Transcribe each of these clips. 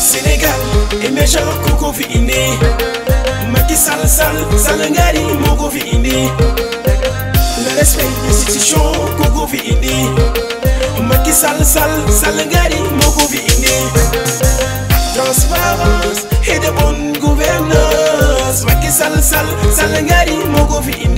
Sénégal, émergent kooku fi indi Macky Sall Sall Sall ngari moo ko fi indi le respect des institutions fi indi Macky Sall Sall Sall ngari moo fi indi transparence et de bonne gouvernance Macky Sall Sall Sall ngari moo fi indi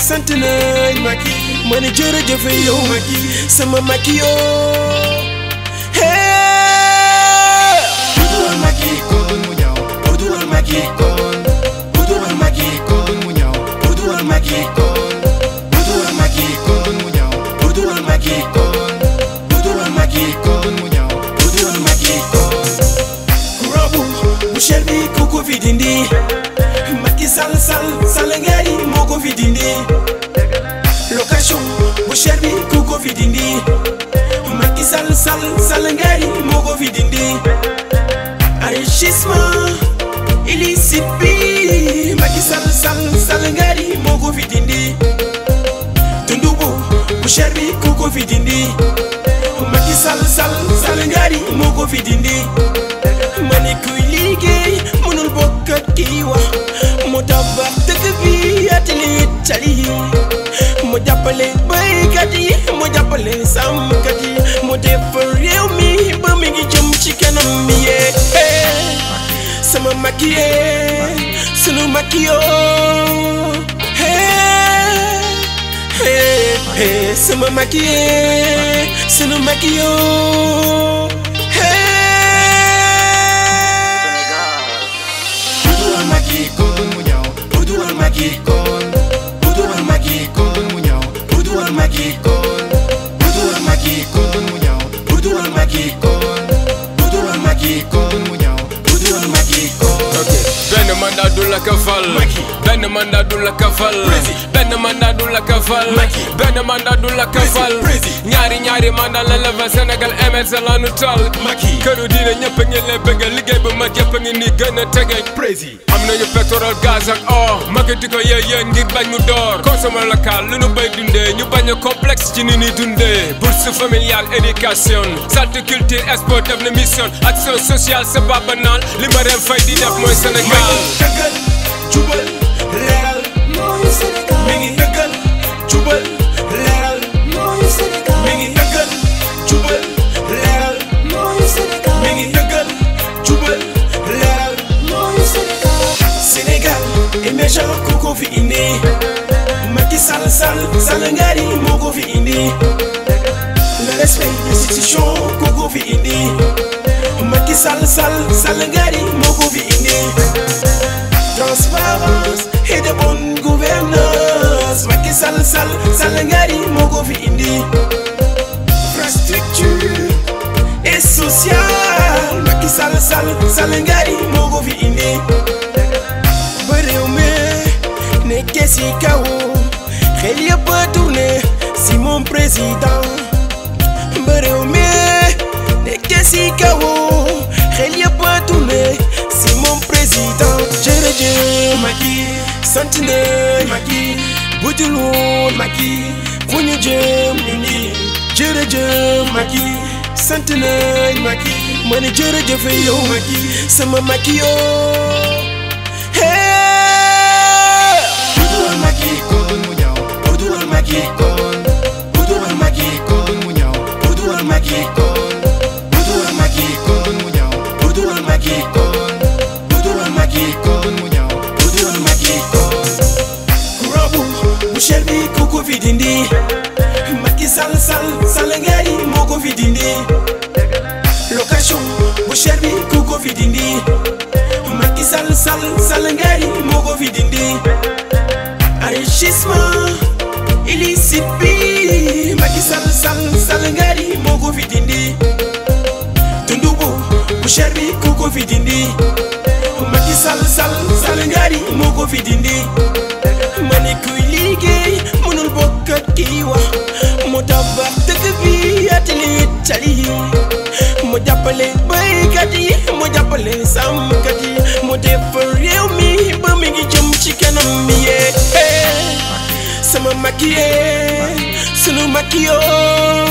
sant nañ Macky ma ne jërëjëf yow Macky sama Macky yoo México. kuko vidindi location busherbi kuko vidindi Maki sal sal salengari mogo vidindi enrichissement illicite bi Macky sal Sall Sall Ngari moko vidindi Tundubu busherbi kuko vidindi Maki sal sal salengari mogo vidindi mani kuy liggéey mënul bokk ak cali mu jàppale béykat yi mu jàppale sàmmkat yi mu def réew mi ba mi ngi jëm ci kanam yee sama mag yee sunu mag yoo sama mag yee sunu mag yoo Budul magi kon, budul magi kon makikol budulon makikol bun mu ñaw budulon makikol budulon makikol bun mu ñaw budulon makikol ok benn mandat du la ka fal benn mandat la ka fal benn mandat la ka fal benn mandat la ka Sénégal MSL la nu tal këru diine ñëpp ma jëpp ngi ni gën a tege prési am nañu pétrole gaz ak or magi di ko yee yéen ngir bañ mu door consommé local lu nu béy dundee ñu bañ a ci ni ñuy dundee bourse familiale éducation santé culture sport def na mission action sociale c'est pas banal li ma reen fay di def mooy Sénégal dëggal jubal reeral mooy Sénégal mi ngi dëggal jubal fini le respect des institutions koo ko fi indi Macky Sall Sall Sall ngari indi transparence et de bonne gouvernance Macky sal, sal Sall ngari moo indi Bareu me Ne kesi kawo Relia patume Si mon président Jere jere Maki Santine Maki Boutulou Maki Founye jem Nini Jere jem Maki Santine Maki Mani jere jefe yo Maki Sama maki yo Hey Boutulou Maki Maki magikon budulon magikon munyao budulon magikon budulon magikon munyao budulon magikon robu mushelbi kuku vidindi maki sal sal salengeri moko vidindi location mushelbi kuku vidindi maki sal sal salengeri moko vidindi enrichissement kukufitindi tundubu tundugu kukufitindi maki sal sal sal ngari muku mani kuiligi liggéey mënul kiwa ak kii wax mu tali mu jàppale béykat yi mu jàppale sàmmkat yi mu réew mi ba mi ngi jëm ci kanam mi sama makiyee sunu makiyoo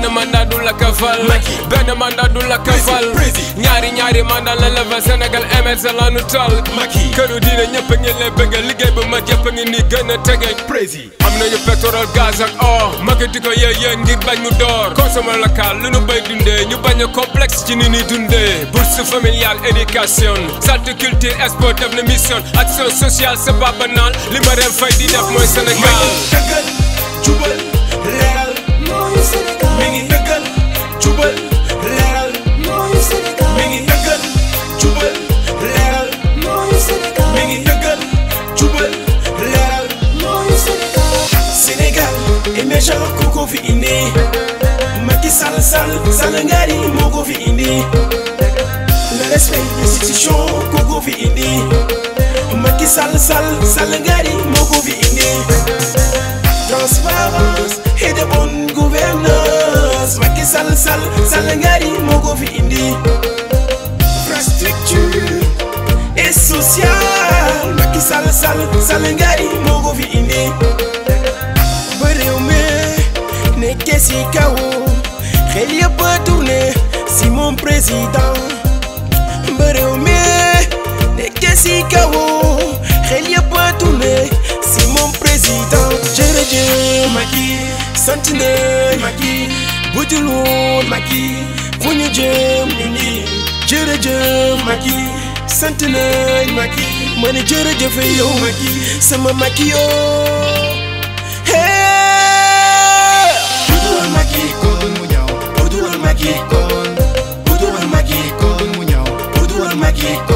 benn mandat du la ko fal benn mandat du la ko fal ñaari ñaari mandat la level Sénégal émergent la nu tal këru diine ñëpp a ngi lay liggéey bu ma jëpp a ngi nii gën a tege am nañu pétrole gaz ak or magi di ko yee yéen ngir bañ mu door consommer local lu nu béy dundee ñu bañ a complexe ci ni dundee bourse familiale éducation santé culture sport def na mission action sociale c'est pas banal li ma ren fay di def mooy Sénégal jubal mi ngi dëggal jubal leeral mooy Sénégal mi ngi dëggal jubal leeral mooy Sénégal mi ngi dëggal jubal leeral mooy Sénégal Sénégal émergent ku ko fi indi Macky Sall Sall Sall ngari moo ko fi indi le respect institution ku ko fi indi Macky Sall Sall Sall ngari moo ko fi indi transparence et de bonne gouvernance léegi sal sal sal njariñ moo ko fi indi infrastructure et sociale Macky Sall Sall Sall njariñ moo ko fi indi ba réew mi nekkee si kaw xel yëpp a tourné si moom président ba réew mi nekkee si kaw xel yëpp a tourné si moom président jërëjëf Macky sant nañ Macky bu dul woon Macky fu ñu jëm ñu nii jërëjëf Macky sant nañ Macky ma ne jërëjëf yow Macky sama Macky yoo Macky kon bu dul woon Macky kon bu woon Macky kon mu ñaaw bu dul woon Macky